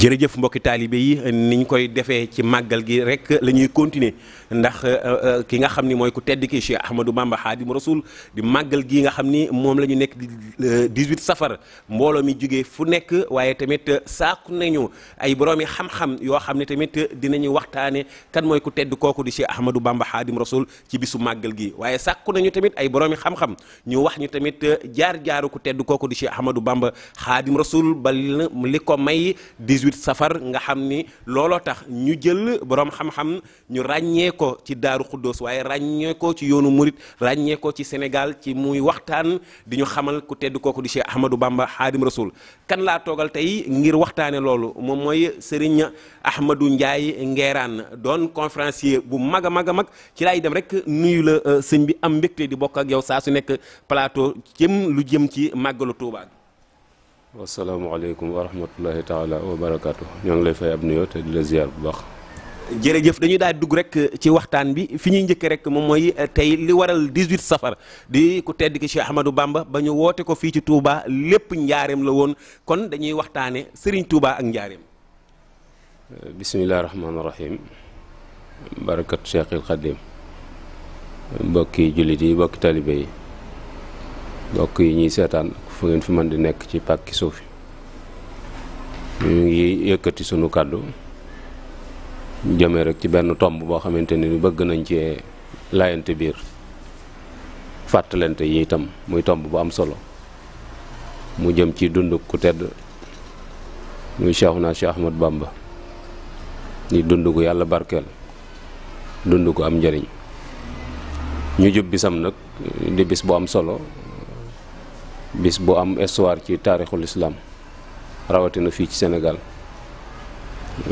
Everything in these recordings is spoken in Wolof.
jërëjëf mbokki taalibe yi niñ koy defee ci màggal gi rek la ñuy continuer ndax euh, euh, ki nga xam ni mooy ku tedd ki Cheikh Ahmadou Bamba Xaadimu Rasuul di màggal gi nga xam ni moom la ñu nekk di 18 euh, safar mbooloo mi jugee fu nekk waaye tamit saaku nañu ay boroomi xam-xam yoo xam ne tamit dinañu waxtaane kan mooy ku tedd kooku di Cheikh Ahmadou Bamba Xaadimu Rasuul ci bisu màggal gi waaye sàkku nañu tamit ay boroomi xam-xam ñu wax ñu tamit jaar jaaru ku tedd kooku di Cheikh Ahmadou Bamba ba ko may 18 safar nga xam ni looloo tax ñu jël borom xam-xam ñu ràññee ko ci Daaru Xuddoos waaye ràññee ko ci yoonu murit ràññee ko ci Sénégal ci muy waxtaan di ñu xamal ku tedd kooku di Cheikh Ahmadou Bamba Xaadim Rasul kan laa toogal tey ngir waxtaane loolu moom mooy Serigne Ahmadou Ndiaye Nguerane doon conférencier bu mag a mag a mag ci laay dem rek nuyu la euh, sëñ bi am mbégte di bokk ak yow saa su nekk plateau jëm lu jëm ci màggalu Tuubaa wasalaamaaleykum wa rahmatullahi taala wa barakaatu ñoo ngi lay fay ab nuyoo te di la ziar bu baax. jërëjëf dañuy daal dugg rek eh, ci waxtaan bi fi ñuy njëkk rek moom mooy eh, tey li waral 18 safar di ku tedd ki Cheikh Ahmadou Bamba ba ñu woote ko fii ci Touba lépp njaareem la woon kon dañuy waxtaane sëriñ Touba ak njaareem. Eh, bisimilah rahmaani rahim barakat Cheikhil Khadim mbokki jullit yi mbokki talibe yi. mbokk yi ñuy seetaan fu ngeen fi mën di nekk ci pàkki suufi yi ñu ngi yëkkati sunu kàddu jëmee rek ci benn tomb boo xamante ni bëgg nañ ci laayante biir fàttalante yi itam muy tomb bu am solo mu jëm ci dund ku tedd muy Cheikhuna Cheikh Ahmad Bamba ni yàlla barkeel dund gu am njëriñ ñu jub bisam nag di bis bu am solo bis bu am histoire ci taarixul islam na fi ci senegal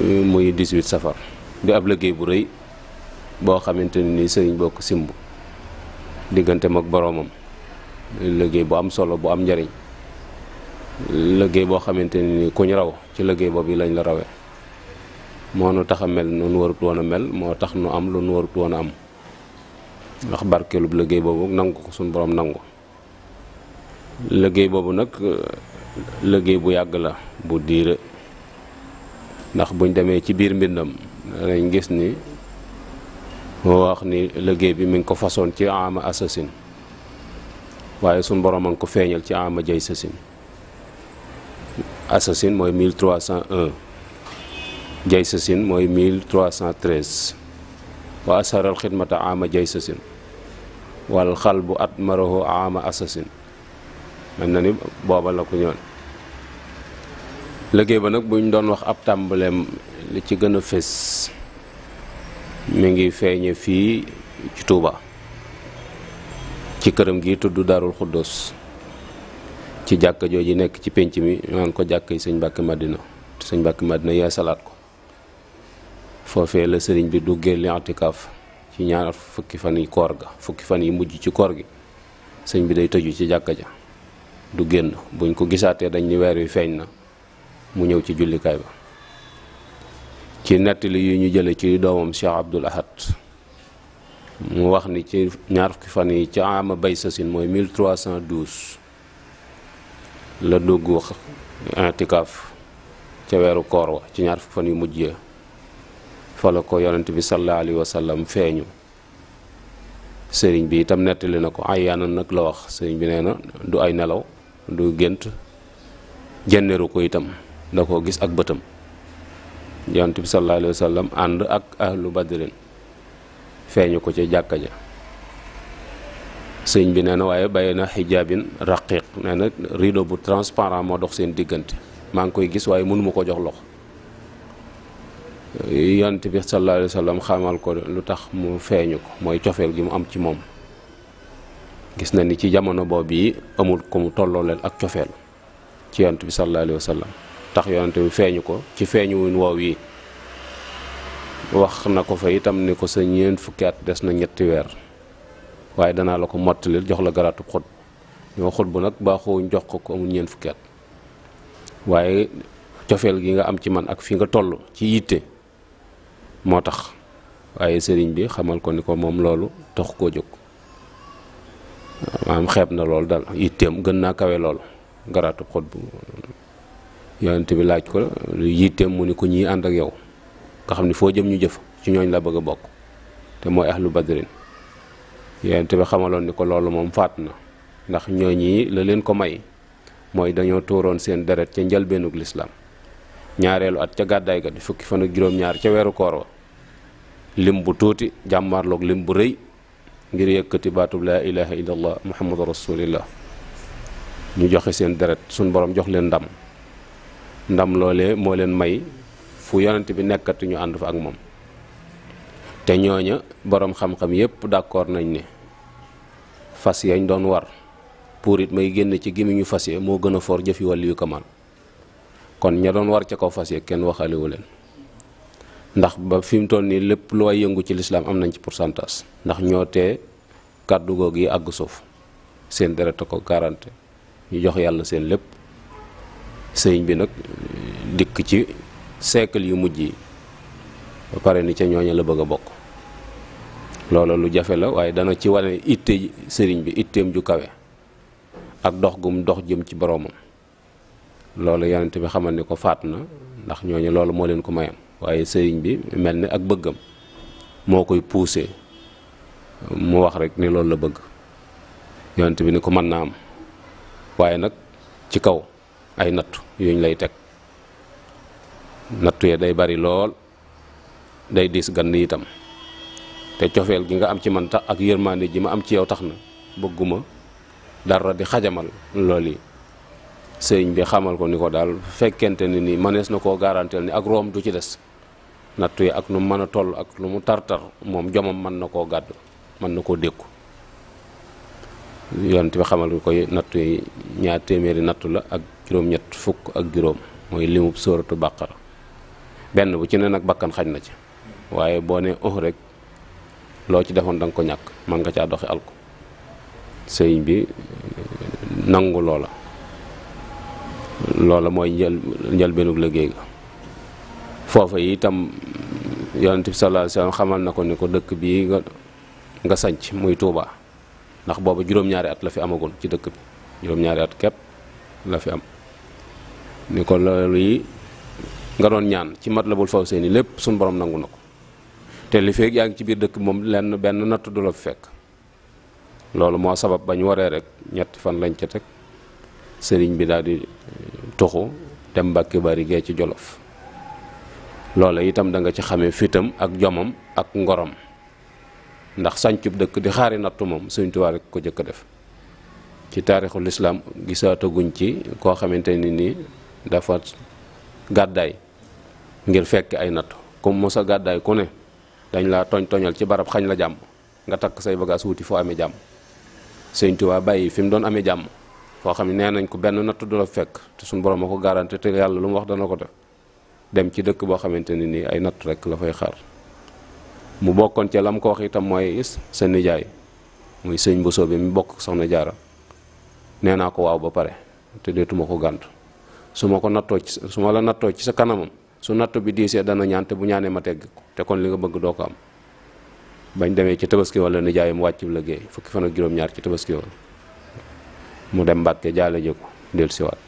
muy 18 safar di ab liggéey bu reuy bo xamanteni ni serigne bokk simbu digante mak boromam liggéey bu am solo bu am njariñ liggéey bo xamanteni ni kuñ raw ci liggéey bobu lañ la rawé mo nu taxa mel nu nu warut woon mel mo tax nu am lu nu warut woon a am wax barkelu liggéey bobu nangu ko sun borom nangu liggéey boobu nag liggéey bu yàgg la bu diire ndax buñ demee ci biir mbindam danañ gis ni moo wax ni liggéey bi mi ngi ko façon ci ama assasine waaye suñ borom a ngi ko feeñal ci ama jay sasin assasine mooy 1301 jay sasin mooy 1313 wa asaral xidmata ama jay sasin wal xal bu at marahu ama assasine mel na ni booba la ko ñoon liggéey ba nag buñ doon wax ab tàmbaleem li ci gën a fés mu ngi feeñe fii ci Touba ci këram gi tudd Daarul Xuddoos ci jàkka jooju nekk ci pénc mi ñaan ko jàkk yi sëñ Mbàkke Madina te sëñ Mbàkke Madina yee salaat ko foofee la sëriñ bi duggee li atikaaf ci ñaar fukki fan yi koor ga fukki fan yi mujj ci koor gi sëñ bi day tëju ci jàkka ja du génn buñ ko gisaatee dañ ni weer wi feeñ na mu ñëw ci jullikaay ba ci nettali yu ñu jële ci doomam Cheikh Abdul Ahad mu wax ni ci ñaar fukki fan yi ci ama bay sasin mooy 1312 la dugg intikaaf ca weeru koor wa ci ñaar fukki fan yu mujj ya fa la ko yonent bi sallallahu alayhi wa feeñu sëriñ bi itam nettali na ko ay yaanan nag la wax sëriñ bi nee na du ay nelaw du gént jenneeru ko itam da koo gis ak bëtam yonent bi sallallahu alayhi wa sallam ànd ak ahlu badrin feeñu ko ca jàkka ja sëñ bi nee na waaye bàyyi na xijaabin raqiq nee na rideau bu transparent moo dox seen diggante maa ngi koy gis waaye mënuma ko jox loxo yant bi sallallahu alayhi wa xamal ko lu tax mu feeñu ko mooy cofeel gi mu am ci moom gis na ni ci jamono boobu yi amul ku mu tollooleel ak cofeel ci yonent bi sallallahu alayhi wa tax yonent bi feeñu ko ci feeñu wuñ woow yi wax na ko fa itam ni ko sa ñeent fukki at des na ñetti weer waaye danaa la ko mottalil jox la garaatu xut ñoo xut bu nag baaxoo jox ko ko amul ñeent fukki at waaye cofeel gi nga am ci man ak fi nga toll ci yitte moo tax waaye sëriñ bi xamal ko ni ko moom loolu tox koo jóg maanaam xeeb na loolu daal yitteem gën naa kawe loolu garaatu xot bu yonent bi laaj ko lu yitteem mu ni ko ñiy ànd ak yow nga xam ni foo jëm ñu jëf ci ñooñ la bëgg a bokk te mooy lu badrin yonent bi xamaloon ni ko loolu moom faat na ndax ñooñi la leen ko may mooy dañoo tuuroon seen deret ca njëlbeenug lislaam ñaareelu at ca gàddaay ga di fukki fan ak juróom-ñaar ca weeru koor wa lim bu tuuti jàmmaarloog lim bu rëy ngir yëkkati baatub laa ilaha illallah muhammadu rasulillah ñu joxe seen deret suñ borom jox leen ndam ndam loole moo leen may fu yonent bi nekkati ñu ànd fa ak moom te ñooña boroom xam-xam yépp d'accord nañ ne fas yañ doon war pour it may génn ci gémmiñu fas ya moo gën a for jëfi wàllu yu kamal kon ña doon war ca kaw fas ya kenn waxalewu leen ndax ba fi mu toll nii lépp lu way yëngu ci lislaam am nañ ci pourcentage ndax ñoo tee kàddu goog yi àgg suuf seen deret ko garanti ñu jox yàlla seen lépp sëriñ bi nag dikk ci siècle yu mujj yi ba pare ni ca ñooña la bëgg a bokk loola lu jafe la waaye dana ci wane itte sëriñ bi itteem ju kawe ak dox gum dox jëm ci boroomam loolu yonent bi xamal ni ko faat na ndax ñooñu loolu moo leen ko mayam waaye sëriñ bi mel ni ak bëggam moo koy poussé mu wax rek ni loolu la bëgg yonent bi ni ko mën naa am waaye nag ci kaw ay nattu yuñ lay teg nattu yi day bari lool day diis gann itam te cofeel gi nga am ci man tax ak yërmaande ji ma am ci yow tax na bëgguma dara di xajamal lool yi sëriñ bi xamal ko ni ko daal fekkente ni nii mënees na koo garanteel ni ak room du ci des nattu yi ak nu mën a toll ak lu mu tar-tar moom jomam mën na koo gàdd mën na koo dékku yonent bi xamal ko nattu yi ñaar téeméeri nattu la ak juróom-ñett fukk ak juróom mooy limub sóoratu bàqara benn bu ci ne nag bakkan xaj na ci waaye boo ne oh rek loo ci defoon da ko ñàkk mën nga caa doxi alko sëriñ bi nangu loola loola mooy njël njëlbeenug liggéey ga foofa tam yonent bi sallallahu alaihi wasallam xamal nako ni ko dekk bi nga nga sanc muy Touba ndax bobu juróom-ñaari at la fi amagon ci dekk bi juróom-ñaari at kep la fi am ni ko loolu yi nga labul ñaan ci Matlabul Fawzayni lepp sun borom nangu nako te li feeg yaangi ci biir dekk mom len ben natt du la lolu mo sabab bañ waré rek fan lañ ci tek serigne bi daal di toxu dem bakki Bari ge ci Jolof lolé itam da nga ci xamé fitam ak jomam ak ngorom ndax sancub dekk di xari nattu mom seigne touba rek ko jëk def ci islam islaam guñ ci ko xamanteni ni dafa gaday ngir fekk ay nattu comme mos a gàddaay ku ne dañ la togn tognal ci barab xagn la jam nga tak say bagage wuti fo amé jam seigne touba bayyi fim doon amé jam fo xamni nenañ ko ben do la fekk te sun borom mako garantie te yalla lu mu wax dana ko def dem ci dëkk boo xamanteni ni ay natt rek la fay xaar mu bokkoon ci lam ko wax itam mooy sa nijaay muy sëñ bu bi mi bokk soxna jaara nee naa ko waaw ba pare te deetuma ko gàntu su ma ko nattoo ci su ma la nattoo ci sa kanamam su natt bi diisee dana ñaan te bu ñaanee ma tegg te kon li nga bëgg doo ko am bañ demee ci tabaski wala mu wàcc liggéey fukki fan ak juróom-ñaar ci tabaski wala mu dem mbàkke jaale jëkku del siwaat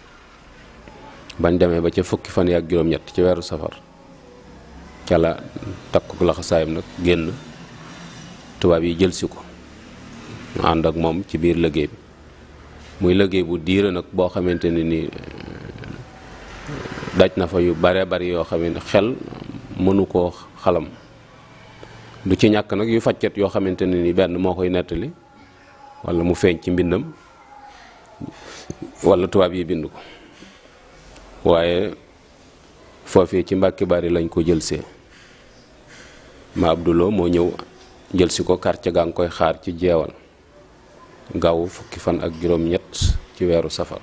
bañ demee ba ca fukki fan yi ak juróom-ñett ci weeru safar ca la takku laxasaayam nag génn tubaab yi jëlsi ko mu ànd ak moom ci biir liggéey bi muy liggéey bu diire nag boo xamante ne ni daj na fa yu bare bari yoo xam ne xel mënu koo xalam du ci ñàkk nag yu fajkat yoo xamante ne ni benn moo koy nettali walla mu feeñ ci mbindam walla tubaab yi bind ko waaye foofee ci mbàkki bari lañ ko jëlsee ma abduloo moo ñëw jëlsi ko quartier gaa ngi koy xaar ci jeewal gaawu fukki fan ak juróom ñett ci weeru safar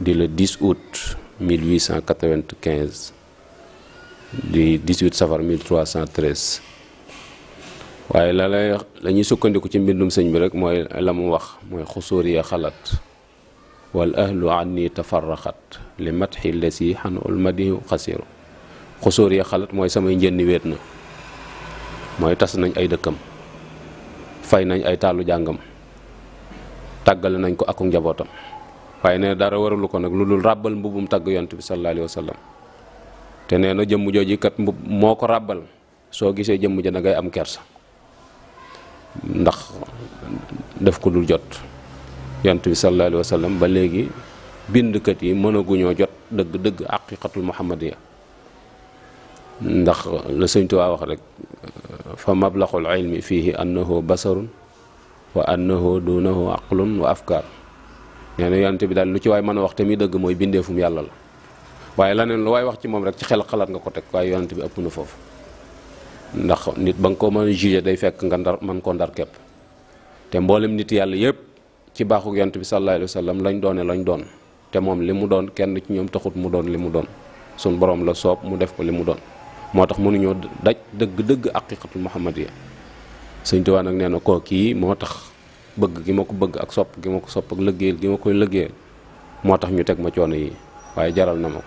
di le 10 août 1895 di 18 safar 1313 waaye la lay la sukkandiku ci mbindum sëñ bi rek mooy la mu wax mooy xusóor ya xalaat wal ahlu anni tafarraxat li matxi lesi xan ulmadihu xasiru xusóor ya xalat mooy samay njënni wéet na mooy tas nañ ay dëkkam fay nañ ay taalu jàngam tàggale nañ ko ak njabootam waaye nee dara waralu ko nag lu dul ràbbal mbubum tàgg yont bi sallallahu alayhi wa te nee na jëmm jooju kat mbub moo ko ràbbal soo gisee jëmm ja da am kersa ndax def ko dul jot yonent bi sallallahu alayhi wa sallam ba léegi bindkat yi mënaguñoo jot dëgg-dëgg aqiqatul muhammadiya ndax la sëñ Tuubaa wax rek fa mablaxul ilmi fiihi annahu basarun wa annahu dunahu aqlun wa afkaar nee na yonent bi daal lu ci waay mën a wax te dëgg mooy bindeefum yàlla la waaye laneen waay wax ci moom rek ci xel xalaat nga ko teg waaye yonent bi ëpp na foofu ndax nit ba nga ko mën a jugé day fekk nga ndar mën koo ndar képp te mboolem nit yàlla yépp ci baxu yonent bi sallallahu alaihi wasallam sallam lañ doone lañ doon te mom limu doon kenn ci ñoom taxut mu doon limu doon sun borom la soob mu def ko limu doon motax mënu mënuñoo daj deug deug aqiqatul muhammadiyya señ tuba nak neena ko ki motax bëgg gi mako bëgg ak sopp gi mako sopp ak leggeel gi mako leggeel motax ñu tek ma yi jaral na mako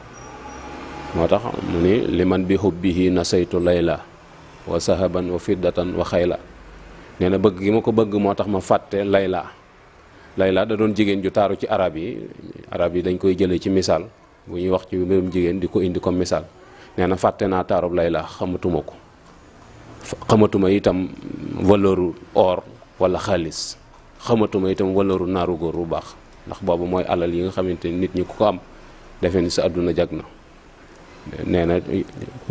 motax muni liman bi hubbihi nasaytu layla wa sahaban wa fiddatan wa khayla neena bëgg gi mako bëgg motax ma fatte layla Layla da doon jigéen ju taaru ci araab yi araab yi dañ koy jëlee ci misaal bu ñuy wax ci mbirum jigéen di ko indi comme misaal nee na fàtte naa taarub Layla xamatuma ko xamatuma itam valeur or walla xaalis xamatuma itam valeur naaru góor bu baax ndax boobu mooy alal yi nga xamante ni nit ñi ko am defe ni sa àdduna jag na nee na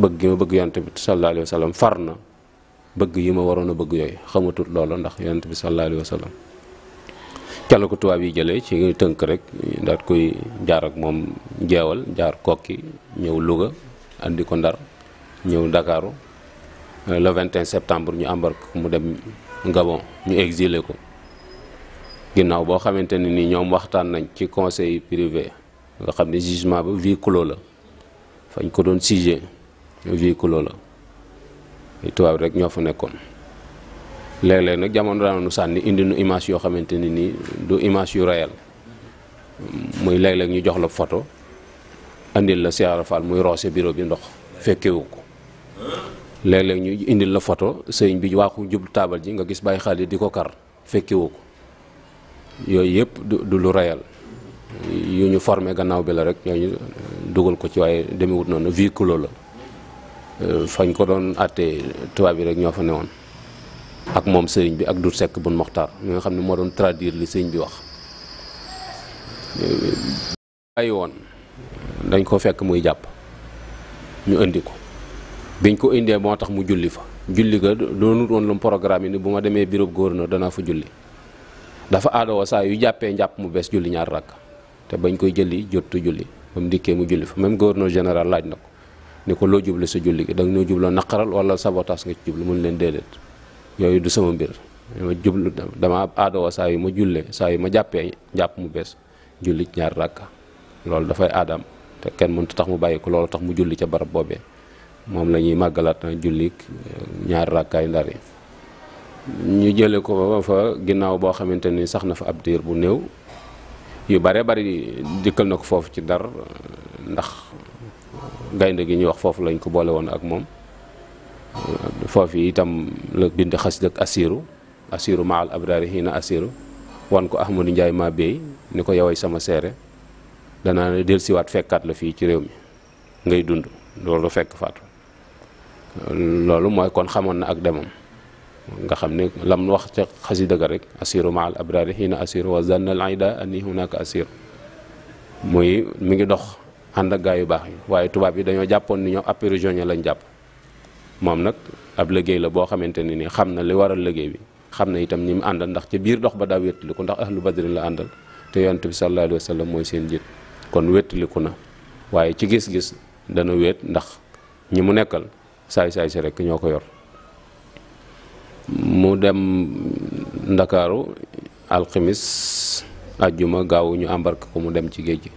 bëgg ma bëgg yonent bi sallallahu alayhi wa sallam far na bëgg yi ma waroon a bëgg yooyu xamatut loolu ndax yonent bi sallallahu alayhi wa sallam ca ko tubaab yi jëlee ci tënk rek daat koy jaar ak moom jeewal jaar kokki ñëw Louga andi ko Ndar ñëw Ndakaaru euh, le 21 septembre ñu embarque mu dem Gabon ñu exile ko ginnaaw boo xamante ne ni ñoom waxtaan nañ ci conseil privé nga xam ne jugement ba vie clos la fañ ko doon sujet vie clos la tubaab rek ñoo fa nekkoon léeg-léeg nag jamono daan sànni indi nu image yoo xamante ne nii du image yu réel muy léeg-léeg ñu jox la photo indi la Cheikh Ibra muy roose bureau bi ndox fekkewu ko léeg-léeg ñu indil la photo sëñ bi waaxu jublu taabal ji nga gis bàyyi xaalis di ko kar fekkewu ko yooyu yëpp du lu réel yu ñu formé gannaaw bi la rek ñooñu dugal ko ci waaye demewut noonu véhicule la euh, fañ ko doon àttee tubaab yi rek ñoo fa newoon. ak moom sëriñ bi ak du Sekk bun Moxtaar mi nga xam ne moo doon traduire li sëriñ bi wax bàyyi woon dañ ko fekk muy jàpp ñu indi ko biñ ko indee moo tax mu julli fa julli ga doonut woon lu mu programme yi ni bu ma demee bureau gouverneur danaa fa julli dafa aadoo saa yu jàppee njàpp mu bees julli ñaar rakk te bañ koy jëli jotu julli ba mu dikkee mu julli fa même gouverneur général laaj na ko ni ko loo jublu sa julli gi da nga ñoo jubloo naqaral wala sabotage nga ci jublu mun leen déedéet yooyu du sama mbir dama jublu dama aadoo saa yu ma julle saa yu ma jàppee jàpp mu bees julli ñaar ràkka loolu dafay aadaam te kenn mënut tax mu bàyyi ko loolu tax mu julli ca barab boobee moom la ñuy màggalaat na ah, julli eh, ñaar ràkkaay ndar yi ñu jële ko fa ginnaaw boo xamante ni sax na fa ab diir bu néew yu bare bari dikkal na ko foofu ci dar eh, ndax gaynde gi ñuy wax foofu lañ ko boole woon ak moom fofi itam le bind khasid ak asiru asiru maal abraari hina asiru wan ko Ahmadou ndjay ma béy ni ko sama sere dana ne del wat fekkat la fi ci rew mi ngay dund loolu fekk faatu loolu moy kon xamone ak demam nga xamne lam wax khasid ga rek asiru maal abraari hina asiru wa zanna al ida anni hunaka asir moy mi ngi dox ànd ak gaa yu bax yi waye tubaab yi dañu jappone ni ñoo lañ japp moom nag ab liggéey la boo xamante ne ni xam na li waral liggéey bi xam na itam ñi mu àndal ndax ci biir dox ba daa wéttaliku ndax ahlu badrin la àndal te yonent bi sallallahu alayhi wa mooy seen jiit kon wéttaliku na waaye ci gis-gis dana wéet ndax ñi mu nekkal saay si rek ñoo ko yor mu dem ndakaaru alxamis ajjuma gaawu ñu embarqué ko mu dem ci géej gi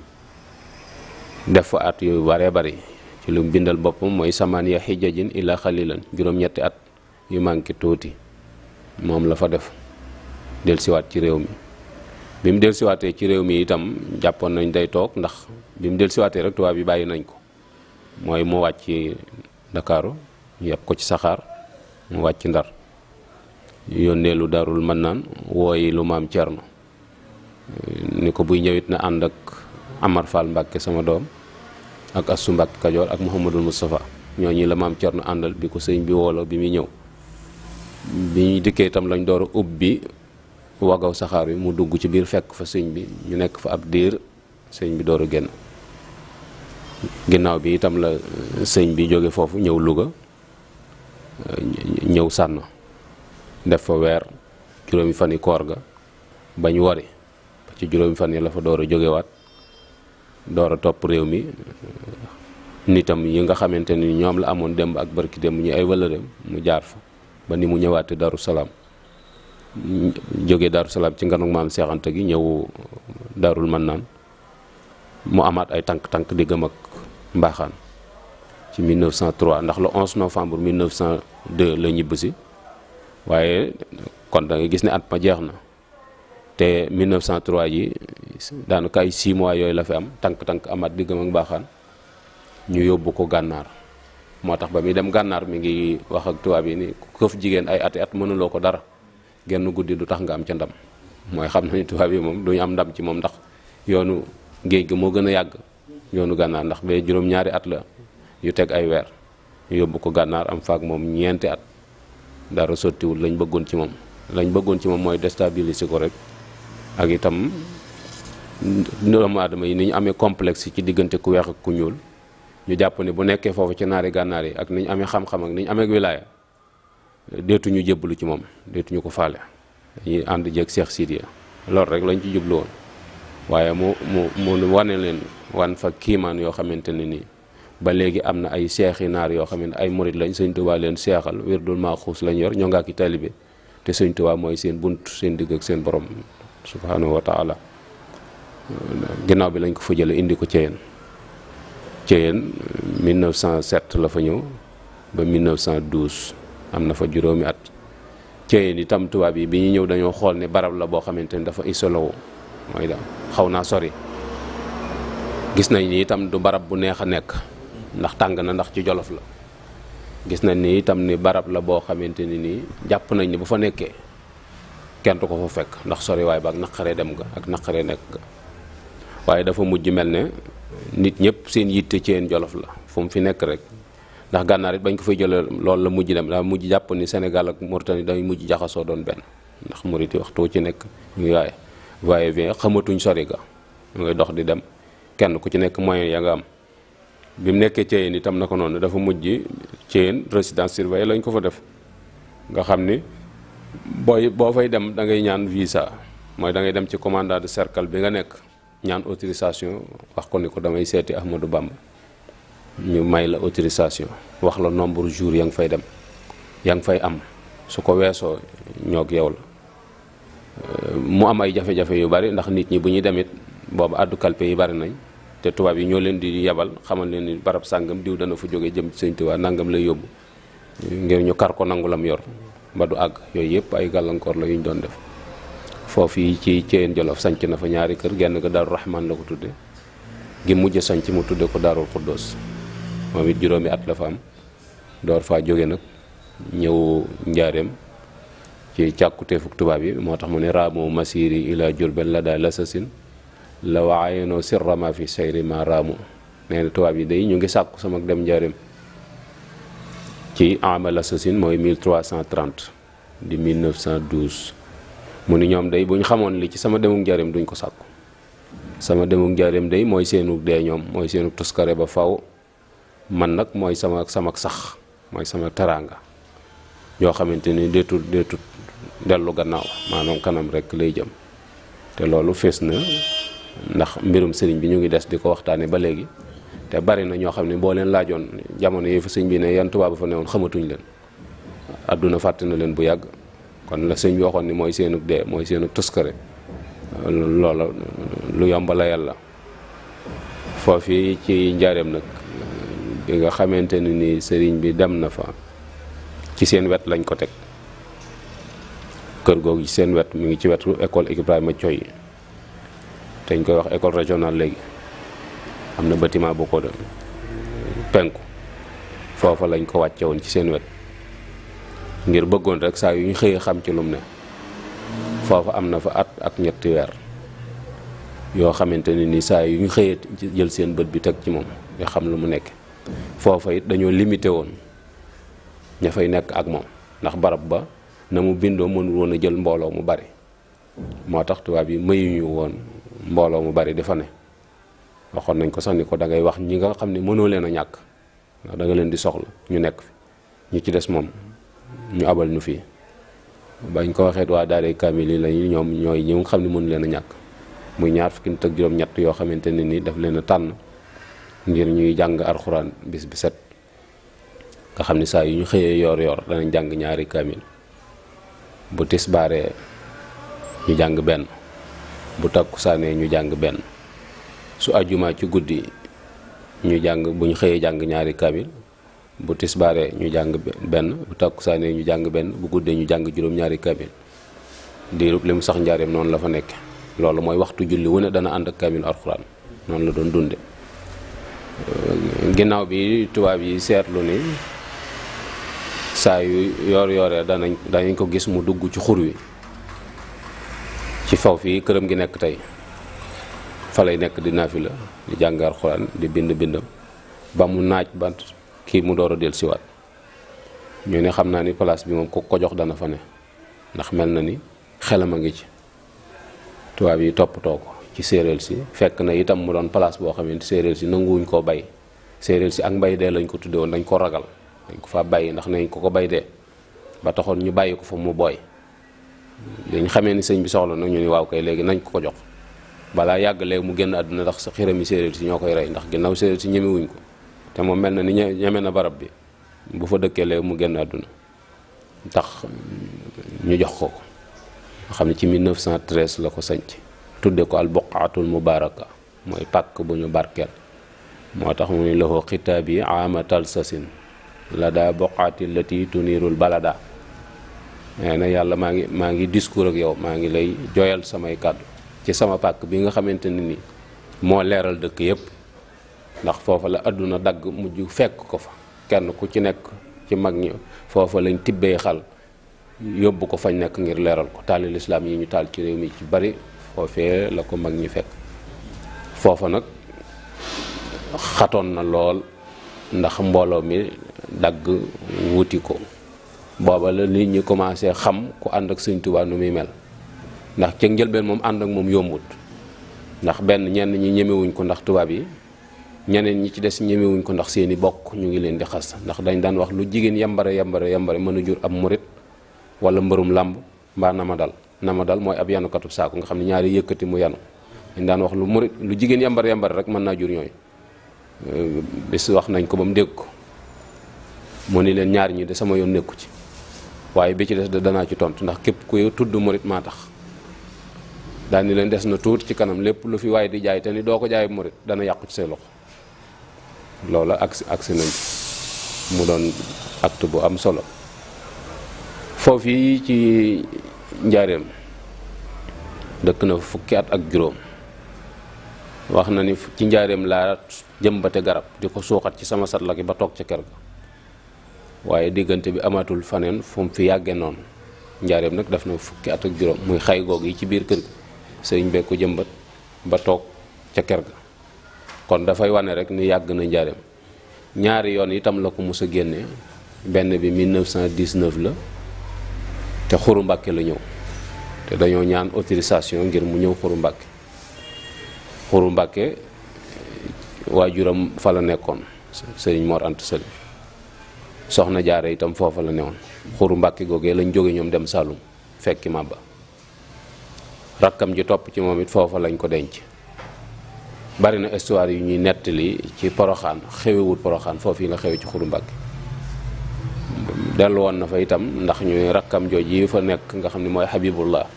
def fa at yu baree bari ci lu mu bindal boppam mooy samaan ya xijajin ila xalilan juróom-ñetti at yu manqué tuuti moom la fa def delsiwaat ci réew mi bi mu delsiwaatee ci réew mi itam jàppoon nañ day toog ndax bi mu delsiwaatee rek tubaab yi bàyyi nañ ko mooy mu wàcc ndakaaru yàpp ko ci saxaar mu wàcc ndar yónnee lu darul mën naan wooyi lu maam cerno ni ko buy ñëwit na ànd ak Amar Fall Mbàkke sama doom ak asumbak Kajor ak muhammadul mustafa ñoo ñi la mam ciorno andal bi ko sëñ bi wolo bi mi ñew bi ñu tamla tam lañ door ubbi wagaw saxar bi mu dugg ci bir fekk fa sëñ bi ñu nekk fa ab dir bi door a génn bi tam la euh, bi joge fofu ñew luga euh, ñew sànn def fa wer juroomi fani koor ga bañ wori ci juroomi fani la fa door joge wat door topp réew mi nitam yi nga xamante ni ñoom la amoon démb ak barki démb ñu ay wëlëreem mu jaar fa ba ni mu ñëwaate daru salaam jóge daru salaam ci nganuk ma Seex Anta gi ñëw darul man naan mu amaat ay tànk-tànk diggam ak mbaaxaan ci 1903 ndax le 11 novembre 1902 la ñibbisi waaye kon dangay gis ne at ma jeex na te 1903 yi daanaka kay 6 mois yoy la fi am tank tànk amaat diggam ak baxan ñu yobbu ko gannar motax ba mi dem gannar mi ngi wax ak tuwa bi ni keuf jigen ay at at mënu loko dara genn guddi du nga am ci ndam moy xam nañu tuwa bi mom duñ am ndam ci mom ndax yoonu geej gi mo gëna a yoonu gannar ndax be juroom ñaari at la yu tek ay weer ñu ko gannar am faak mom ñenti at dara sottiwul lañ bëggoon ci mom lañ bëggoon ci mom moy déstabiliser ko rek ak itam doomu aadama yi ni ñu amee complexe ci diggante ku weex ak ku ñuul ñu jàpp ne bu nekkee foofu ci naari gànnaar ak ni ñu amee xam-xam ak ni ñu amee wilaaya deetuñu jébbalu ci moom deetuñu ko faale dañuy ànd jeeg Seex Sidiya loolu rek lañ ci jublu woon mu mu mu wane leen wan fa kiimaan yoo xamante ne ba léegi am na ay seexi naar yoo xam ne ay murit lañ sëñ Tuubaa leen seexal wérdul maaxuus lañ yor ki te sëñ Tuubaa mooy seen buntu seen digg ak seen borom subhanahu wa taala ginnaaw bi lañ ko fa jële indi ko Ceyeen Ceyeen 1907 la fa ñëw ba 1912 am na fa juróomi at Ceyeen itam tubaab yi bi ñu ñëw dañoo xool ni barab la boo xamante ni dafa isolowo mooy da xaw naa sori gis nañ ni itam du barab bu neex a nekk ndax tàng na ndax ci jolof la gis nañ ni itam ni barab la boo xamante ni nii jàpp nañ ni bu fa nekkee kenn ko fa fekk ndax soriwaay ba ak naqaree dem nga ak naqaree nekk nga waaye dafa mujj mel ne nit ñëpp seen yitte ceen jolof la fu mu fi nekk rek ndax gànnaar it bañ ko fay jëlee lool la mujj dem daa mujj jàpp ni Sénégal ak Mauritanie day mujj jaxasoo doon benn ndax Mauritanie waxtu ci nekk ñu waaye waaye xamatuñ sori ga ñu ngay dox di dem kenn ku ci nekk moyen ya am bi mu nekkee Thièyène itam na ko noonu dafa mujj Thièyène résidence surveillée lañ ko fa def nga xam ni. boy bo fay dem da ngay ñaan visa moy da ngay dem ci commandant de cercle bi nga nek ñaan autorisation wax ko ni ko damay séti ahmadou bamba ñu may la autorisation wax la nombre jour yang fay dem yang fay am su ko wesso ñok yow la mu am ay jafé jafé yu bari ndax nit ñi bu ñuy demit bobu addu kalpe yu bari nañ té tuba bi ñoo leen di yabal, xamal leen ni barab sàngam diw dana fu joggé jëm seigne tuba nangam lay yobbu ngir ñu kar ko nangulam yor ba du àgg yooyu yëpp ay gàllankoor la yu ñu doon def foofu yi ci Ceyeen Jolof sanc na fa ñaari kër genn ga Daaru Rahman la ko tudde gi mujj sanc mu tudde ko Daarul Xuddoos moom it juróomi at la fa am door faa jóge nag ñëw njaareem ci càkkuteefuk tubaab yi moo tax mu ne raamoo masiri ila jurbel la daa lasasin la waayenoo sirrama fi sayri ma raamu nee na tubaab yi day ñu ngi sàkku sama dem njaareem ci amal assasine mooy 1330 di 1912 mu ni ñoom day bu ñu xamoon li ci sama demuk njaareem duñ ko sàkku sama demuk njaareem day mooy seenuk dee ñoom mooy seenuk toskare ba faw man nag mooy sama sama sax mooy sama teraanga yoo xamante ni deetut deetut dellu gannaaw maanaam kanam rek lay jëm te loolu fees na ndax mbirum sëriñ bi ñu ngi des di ko waxtaane ba léegi te bari na ñoo xam ne boo leen laajoon jamono yi fa sëñ bi ne yan tubaab fa newoon xamatuñ leen àdduna fàtte na leen bu yàgg kon la sëñ bi waxoon ni mooy seenug dee mooy seenug tuskare loola lu yomb la yàlla foofu ci njaareem nag bi nga xamante ne ni sëriñ bi dem na fa ci seen wet lañ ko teg kër googu ci seen wet mu ngi ci wetu école Ibrahima Thioye te ñu koy wax école régionale léegi am na bâtiment bu ko penku foofa lañ ko wàcce woon ci seen wet ngir bëggoon rek saa yu ñu xëyee xam ci lum ne foofa am na fa at ak ñetti weer yoo xamante ne ni saa yu ñu xëyee jël seen bët bi teg ci moom nga xam lu mu nekk foofa it dañoo limité woon ña fay nekk ak moom ndax barab ba na mu bindoo mënul woon a jël mbooloo mu bari moo tax tubaab yi mayuñu woon mbooloo mu bari dafa ne waxon nañ ko sax ni ko da ngay wax ñi nga xamni mëno leena ñak da nga leen di soxla ñu nekk fi ñu ci dess mom ñu abal ñu fi bañ ko waxe waa daare kamili yi ñom ñoy ñi nga xamni mëno leena ñak muy ñaar fukki tak juroom ñatt yo xamanteni ni daf leena tan ngir ñuy jang alquran bis bi set nga xamni ni yu ñu xeye yor yor danañ jang ñaari kamil bu tisbaaree ñu jang ben, bu takusané ñu jang ben su ajuma ci guddi ñu jang buñ xeye jang ñaari kamil bu tisbaré ñu jang ben bu takusané ñu jang ben bu guddee ñu jang juroom ñaari kamil di rub lim sax ndiarém non la fa nek lolu moy waxtu julli wone dana and ak kamil alquran non la doon dundé ginnaaw bi tuba bi sétlu ni saa yu yor yoré dana dañ ko gis mu dugg ci xur wi ci faw gi nek tay fa lay nekk di naafi la di jàngaar xuraan di bind bindam ba mu naaj bant kii mu door a del siwaat ñu ne xam naa ni place bi moom ko ko jox dana fa ne ndax mel na ni xelam a ngi ci tubaab yi toppatoo ko ci séeréer si fekk na itam mu doon place boo xamante séeréel si nanguwuñ koo bay séeréer si ak mbay dee lañ ko tudde dañ ko ragal dañ ko fa bàyyi ndax nañ ko ko bay dee ba taxoon ñu bàyyi ko fa mu booy dañ xamee ni sëñ bi soxla na ñu ni waaw kay léegi nañ ko ko jox bala yag léegi mu génn àdduna ndax sa xiram yi séeréer si ñoo koy rey ndax ginnaaw séeréer si ñemewuñ ko te moom mel na ni ñeme na barab bi bu fa dëkkee léegi mu génn àdduna tax ñu jox ko ko xam ne ci 1913 la ko sanc tudde ko al mubaraka mooy pàkk bu ñu barkeel moo tax mu ni lahu xitaab yi ama talsasin la daa buqaati lati tuniirul balada nee na yàlla maa ngi maa ngi discours ak yow maa ngi lay joyal samay kàddu ci sama pàkk bi nga xamante ne ni moo leeral dëkk yépp ndax foofa la àdduna dagg mujj fekk ko fa kenn ku ci nekk ci mag ñi foofa lañ tibbee xal yóbbu ko fañ nekk ngir leeral ko taali lislaam yi ñu taal ci réew mi ci bari foofee la ko mag ñi fekk foofa nag xatoon na lool ndax mbooloo mi dagg wuti ko booba la nit ñi commencé xam ku ànd ak Sëñ Tuubaa nu muy mel ndax ca njëlbeen moom ànd ak moom yombut ndax benn ñenn ñi ñemewuñ ko ndax tubaab yi ñeneen ñi ci des ñemewuñ ko ndax seeni bokk ñu ngi leen di xas ndax dañ daan wax lu jigéen yambare yambare yambare mën a jur ab murit wala mbërum làmb mbaa nama dal nama dal mooy ab yanukatu saako nga xam ne ñaari yëkkati mu yanu dañ daan wax lu murit lu jigéen yambare yambare rek mën naa jur ñooy euh, bis wax nañ ko ba mu dégg ko mu ni leen ñaar ñi de sama yoon nekku ci waaye bi ci des danaa ci tontu ndax képp ku tudd murit maa tax daal ni leen des na tuuti ci kanam lépp lu fi waaye di jaay te ni doo ko jaay murit dana yàqu ci say loxo loola agsi agsi nañ mu doon acte bu am solo foofu yi ci njaareem dëkk na fukki at ak juróom wax na ni ci njaareem laa jëmbate garab di ko suuxat ci sama satla ki ba toog ca kër ga waaye diggante bi amatul faneen fu mu fi yàggee noonu njaareem nag def na fukki at ak juróom muy xay goog yi ci biir kër sëriñ bee ko jëmbat ba toog ca kër ga kon dafay wane rek ni yàgg na njaareem ñaari yoon itam la ko mos a génne benn bi 1919 la te xuru mbàkke la ñëw te dañoo ñaan autorisation ngir mu ñëw xuru mbàkke xuru mbàkke waajuram fa la nekkoon sëriñ moor Anta Sali soxna jaare itam foofa la newoon xuru mbàkke googee lañ jóge ñoom dem Saalum fekki Màbba rakkam ji topp ci moom it foofa lañ ko denc bari na histoire yu ñuy nettali ci poroxaan xewewul poroxaan foofu yi la xewe ci xuru Mbàkke dellu woon na fa itam ndax ñu rakkam jooj yi fa nekk nga xam ni mooy Habibullah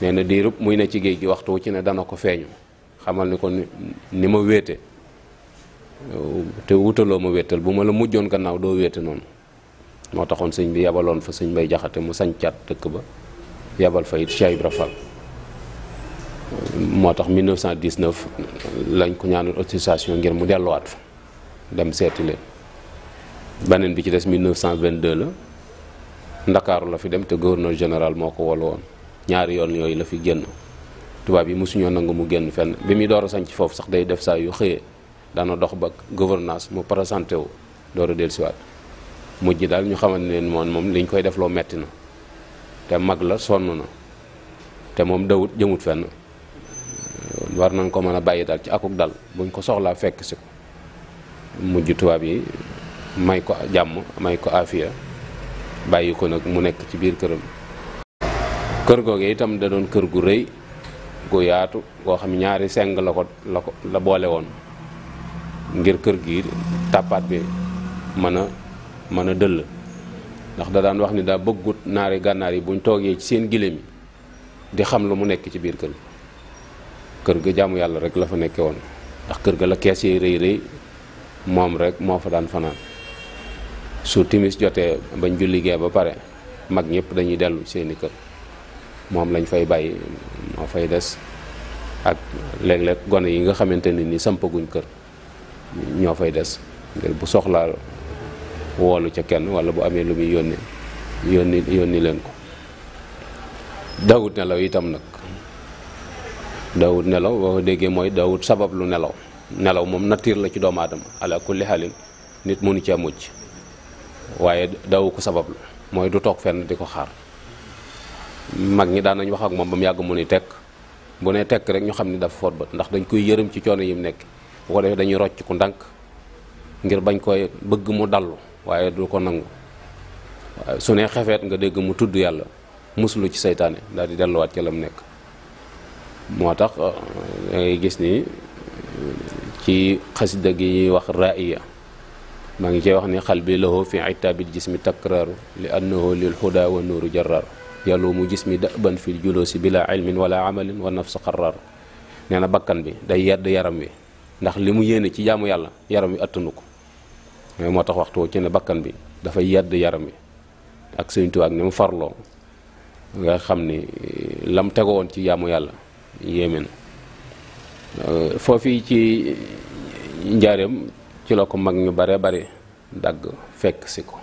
nee na diirub muy ne ci géej gi waxtu wu ci ne dana ko feeñu xamal ni ko ni ma wéete te wutaloo ma wéetal bu ma la mujjoon gannaaw doo wéete noonu moo taxoon sëñ bi yabaloon fa sëñ bay jaxate mu sañcaat dëkk ba yebal fa it Cheikh Ibra moo tax 1919 lañ ko ñaanal autorisation ngir mu delluwaat fa dem seeti leen beneen bi ci des 1922 la ndakaaru la fi dem te gouverneur général moo ko wolu woon ñaari yoon yooyu la fi génn tubaab yi mosuñoo nangu mu génn fenn bi muy door a sañ ci foofu sax day def saa yu xëyee daana dox ba gouvernance mu présenté wu door a dellusiwaat mujj daal ñu xamante ne moom moom liñ koy defloo loo metti na te mag la sonn na te moom dawut jëmut fenn war nañ ko mën a bàyyi daal ci akuk dal buñ ko soxlaa fekk si ko mujj tubaab yi may ko jàmm may ko afiya bàyyi ko nag mu nekk ci biir këram kër googu itam da doon kër gu rëy gu yaatu goo xam ñaari seng la ko la ko la boole woon ngir kër gi tàppaat bi mën a mën a dëll ndax da daan wax ni daa bëggut naari gànnaar yi buñ toogee ci seen giléem yi di xam lu mu nekk ci biir kër kër ga jamu yalla rek la fa nekké won ndax kër ga la kessé reey reey mom rek mo fa daan fanan su timis joté bañ julli gé ba paré mag ñepp dañuy dellu seeni kër mom lañ fay bayyi mo fay dess ak léeg-léeg gone yi nga xamante ne ni sampaguñ kër ño fay dess ngir bu soxla wolu ca kenn wala bu amé lu muy yónni yónni yónni leen ko dawut na law itam nak dawut nelaw boo déggee mooy daawut sabab lu nelaw nelaw moom nattiir la ci doomu aadama ala kulli xaalin nit mënu cee mujj waaye daawu ko sabab lu mooy du toog fenn di ko xaar mag ñi daan nañ wax ak moom ba mu yàgg mu ni tekk bu ne tekk rek ñu xam ni dafa foot bët ndax dañ koy yërëm ci coono yi mu nekk bu ko defee dañuy rocc ku ndànk ngir bañ koy bëgg mu dallu waaye du ko nangu su ne xefeet nga dégg mu tudd yàlla muslu ci seytaane daal di delluwaat ca la mu nekk موتاخ داي كي قصيده غي واخ الرائيه ماغي كي واخني قلبي له في عتاب الجسم تكرر لانه للهدى والنور جرر يلوم جسمي دابا في الجلوس بلا علم ولا عمل والنفس قرر نانا بكان بي داي يد يرام بي ناخ ليمو يينا سي جامو يالا يرام وي اتنوكو مي موتاخ واختو سي بي دا فا يد يرام بي اك سيرنتو اك نيم فارلو nga xamni lam tego won ci yéeme na euh, foofii ci njaareem ci la ko mag ñu bare bare dagg fekk si ko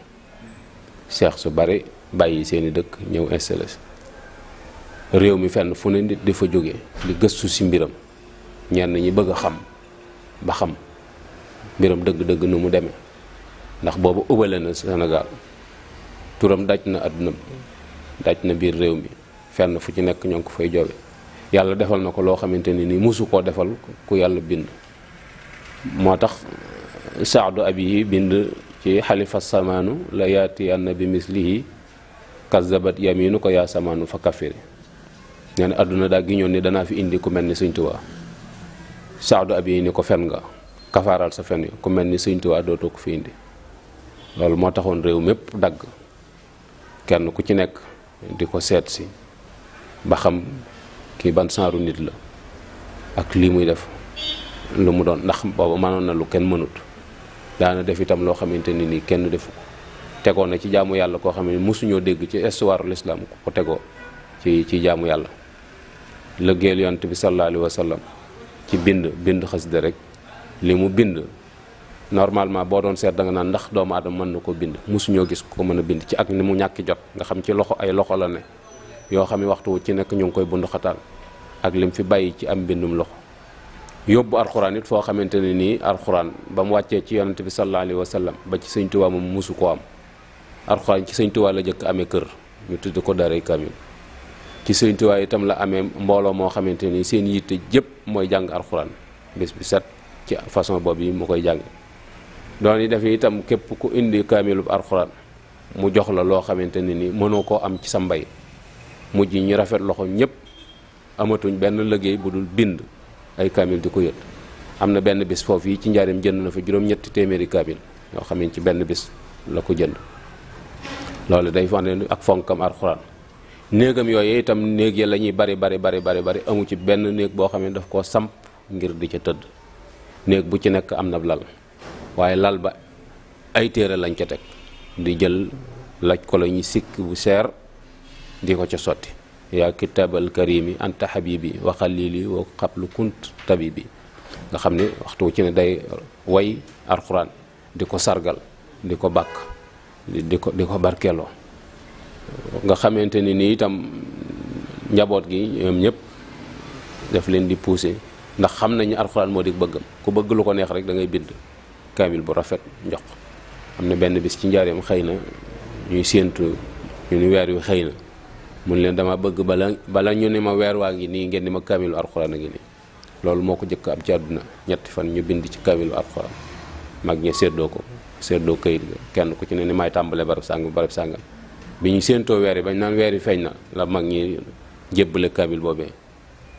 seex su bare bàyyi seeni dëkk ñëw installé réew mi fenn fu ne nit di fa jóge di gëstu si mbiram ñenn ñi bëgg a xam ba xam mbiram dëgg-dëgg nu mu demee ndax boobu ubale na senegaal turam daj na àdduna daj na biir réew mi fenn fu ci nekk ñoo ngi ko fay joobe yàlla defal na ko loo xamante ne ni mosu koo defal ku yàlla bind moo tax saadu abi yi bind ci xalifa samaanu la yaati anna bi mislihi kazabat yaminu ko yaa samaanu fa kafiri nee na àdduna daa giñoon ni danaa fi indi ku mel ni sëñ Tuubaa saadu abi yi ni ko fen nga kafaaral sa fen yi ku mel ni sëñ Tuubaa dootoo ko fi indi loolu moo taxoon réew mépp dagg kenn ku ci nekk di ko seet si ba xam kii ban saaru nit la ak lii muy def lu mu doon ndax booba mënoon na lu kenn mënut daana def itam loo xamante ni nii kenn defu ko tegoon na ci jaamu yàlla koo xam ne mosuñoo dégg ci histoire l'islam ku ko tegoo ci ci jaamu yàlla lëggeel yonent bi sallallahu alayhi ci bind bind xasida rek li mu bind normalement boo doon seet da naan ndax doomu aadama mën na ko bind mosuñoo gis ku ko mën a bind ci ak ni mu ñàkki jot nga xam ci loxo ay loxo la ne yoo xamni waxtu ci nek ñu koy bund xatal ak lim fi bayyi ci am bindum loxo yobbu alquran nit fo xamanteni ni alquran bam wacce ci yonante bi sallallahu Alaihi Wasallam. ba ci seigne touba moom musu ko am alquran ci seigne touba la jëkk amé kër ñu tudd ko daaray kaamil ci seigne touba itam la amé mbolo mo xamanteni ni seen yitte jëpp moy jang alquran bes bi set ci façon bobu mu koy jang doon def itam kep ku indi kamilul alquran mu jox la lo xamanteni ni mënoo am ci sa mbay mujj ñu rafet loxo ñëpp amatuñ benn liggéey bu dul bind ay kaamil di ko yët am na benn bis foofu yi ci njaarim jënd na fa juróom-ñetti téeméeri kaamil yoo xam ne ci benn bis la ko jënd loolu day wax ne ak fonkam alxuraan néegam yooyu itam néeg ya la ñuy bari bari bari bari bari amu ci benn néeg boo xam ne daf koo samp ngir di ca tëdd néeg bu ci nekk am na lal waaye lal ba ay téere lañ ca teg di jël laj ko la ñuy sikk bu seer di ko ca sotti yaa kitaabal karimi anta habibi wa xalili wa xablu kunt tabibi nga xam waxtu ci ne day way alquran diko sargal diko bak diko diko barkelo nga xamanteni ni tam njabot gi ñom ñep daf leen di pousser ndax xam nañu alquran modik di bëggam ku bëgg lu ko neex rek da ngay bind kamil bu rafet njox amna benn bis ci njaareem xeyna ñuy sentu ñu wër yu xeyna mun leen dama bëgg bala bala ñu ne ma weer waa ngi nii ngeen di ma kaamilu alxuraan a ngi nii loolu moo ko jëkk am ci àdduna ñetti fan ñu bind ci kaamilu alxuraan mag ñi séddoo ko seddoo kayit ga kenn ku ci ne ni may tàmbale barab sàng barab sàngam bi ñu séentoo weer yi bañ naan weer yi feeñ na la mag ñi jébbale kaamil boobee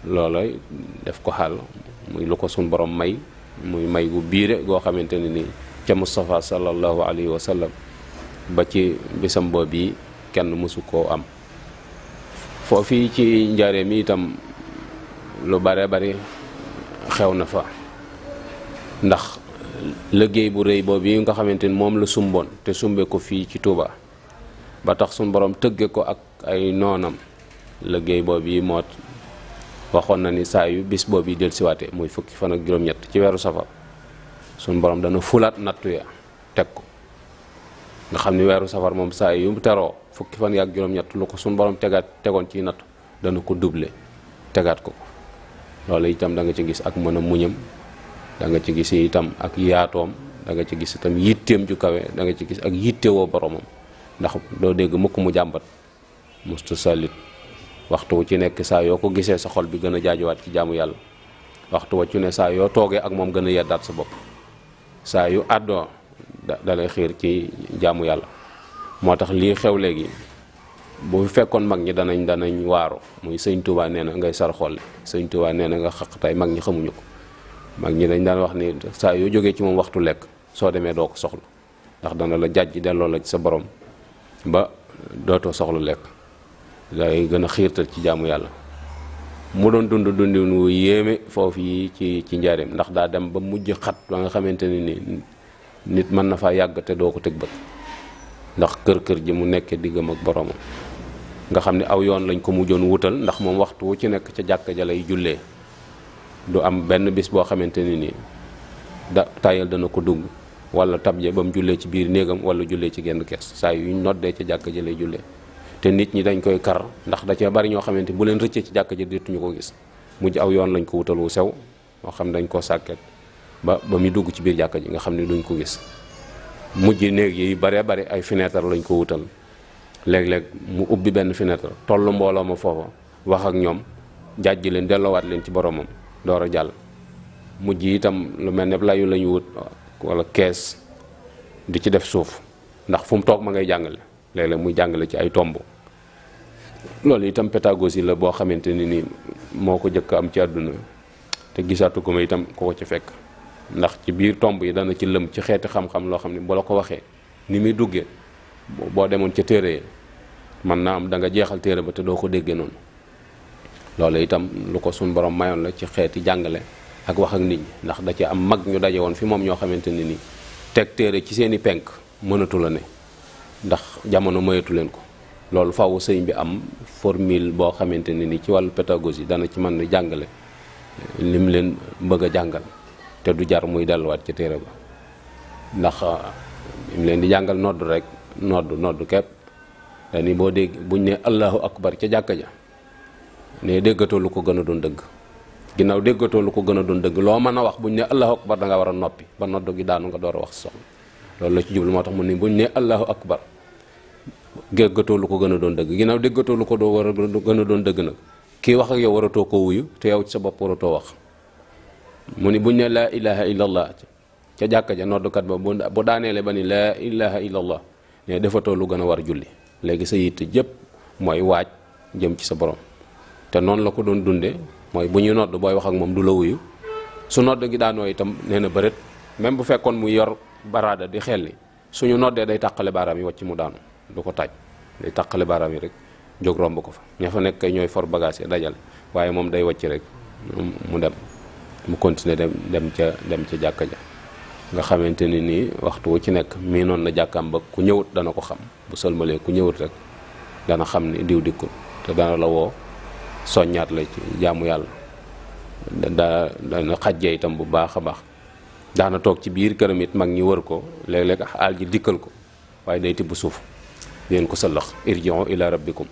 loolooy def ko xàll muy lu ko suñ borom may muy may gu biire goo xamante ne ni ca Moustapha sallallahu alayhi wa sallam ba ci bisam boobu yi kenn mësu koo am fii ci mi itam lu bare bari xew na fa ndax liggéey bu rëy boobu yi nga xamante ni moom la sumboon te sumbee ko fii ci Touba ba tax suñ boroom tëggee ko ak ay noonam liggéey boobu yi moot waxoon na ni saa yu bis boobu yi dellusiwaatee muy fukki fan ak juróom-ñett ci weeru safar suñ borom dana fulaat nattu ya teg ko nga xam ni weeru safar moom saa yu teroo fukki fan yak juroom ñett lu ko sun borom tegaat tegon ci natt dana ko double tegaat ko lolé itam da nga ci gis ak mëna muñum da nga ci gis itam ak yaatom da nga ci gis itam yittem ju kawé da nga ci gis ak wo borom ndax do dégg mukk mu jambat musta salit waxtu ci nek sa yo ko gisé sa xol bi gëna jaaju wat ci jaamu yalla waxtu wa ci ne sa yo togué ak mom gëna yeddat sa bop sa yu addo da lay ci jaamu yalla motax li xew legi bu fekkon mag ñi danañ danañ waru muy seigne Touba neena ngay sar xol seigne Touba neena nga xaq tay mag ñi xamuñu ko mag ñi dañ dan wax ni sa yo joge ci mom waxtu lek so deme do ko soxlu ndax dana la jàjj delloo la ci sa borom ba doto soxlu lek lay gëna xirtal ci jaamu yalla mu doon dund dund wu yeme fofu yi ci ci njaareem ndax da dem ba mujj xat ba nga xamanteni ni nit man na fa yag te do ko teg ndax kër-kër ji mu nekkee diggam ak boromam nga xam ne aw yoon lañ ko mujjoon wutal ndax moom waxtu wu ci nekk ca jàkka ja lay jullee du am benn bis boo xamante ne ni da tayal dana ko dugg walla tab ja ba mu jullee ci biir néegam wala jullee ci genn kees saa yu ñu noddee ca jàkka ja lay jullee te nit ñi dañ koy kar ndax da cee bari ñoo xamante ni bu leen rëccee ci jàkka ja dituñu ko gis mujj aw yoon lañ ko wutal wu sew moo xam dañ koo sàkket ba ba mu dugg ci biir jàkka ji nga xam ne duñ ko gis mujj neeg yi bare bare ay fenêtre lañ ko wutal leg leg mu ubbi ben fenêtre tollu mbooloo ma foofa wax ak ñom jajj leen wat leen ci boromam door a jàll mujj itam lu mel layu lañ wut wala caisse di ci def suuf ndax fu mu toog ma ngay jàngale leg leg muy jàngale ci ay tomb lolou itam pédagogie la bo xamanteni ni moko jëk am ci aduna te gisatu ko itam ko ko ci fekk ndax ci biir tomb yi dana ci lëm ci xeeti xam-xam loo xam ne boo la ko waxee ni muy duggee boo demoon ca téere yi mën naa am da nga jeexal téere ba te doo ko déggee noonu loolu itam lu ko suñ borom mayoon la ci xeeti jàngale ak wax ak nit ñi ndax da ci am mag ñu daje woon fi moom ñoo xamante ne nii teg téere ci seeni penk mënatula ne ndax jamono mayatu leen ko loolu faaw sëñ bi am formule boo xamante ne nii ci wàllu pédagogie dana ci mën a jàngale eh, lim leen bëgg a jàngal. te du jar muy delluwaat ca téere ba ndax mu ah, leen di jàngal nodd rek nodd nodd képp dañi boo dégg buñ ne allahu akbar ca jàkka ja ne déggatoo lu ko gën a doon dëgg ginnaaw déggatoo lu ko gën a doon loo mën a wax buñ ne allahu akbar da nga war a noppi ba nodd gi daanu nga door a wax soxla loolu la ci jublu moo tax mu ne buñ ne allahu akbar déggatoo lu ko gën a doon dëgg ginnaaw déggatoo lu ko doo war a gën a doon dëgg nag kii wax ak yow waratoo ko wuyu te yow ci sa bopp waratoo wax mu ni buñ ne la ilaha illallah ca jàkka ja kat ba bu daaneele ba ni la ilaha illallah ne defatoo lu gën a war julli léegi sa yitt jëpp mooy waaj jëm ci sa borom te noonu la ko doon dunde mooy bu ñuy nodd booy wax ak moom du la wuyu su noddu gi daanoo itam nee na bërët même bu fekkoon mu yor barada di xel ni suñu noddee day tàqale baaraam yi wàcc mu daanu du ko taaj day tàqale baaraam yi rek jóg romb ko fa ña fa nekk ñooy for bagage yi dajal waaye moom day wàcc rek mu dem mu continuer dem dem ca dem ca jàkka ja nga xamante ni nii waxtu wu ci nekk mii miinoon na jàkkaam ba ku ñëwut dana ko xam bu sëlmalee ku ñëwut rek dana xam ni diw dikkut te dana la woo soññaat la ci jaamu yàlla daa dana xajjee itam bu baax a baax daana toog ci biir këram it mag ñi wër ko léeg-léeg aal ji dikkal ko waaye day tibb suuf leen ko sëllëx irji'u ila rabbikum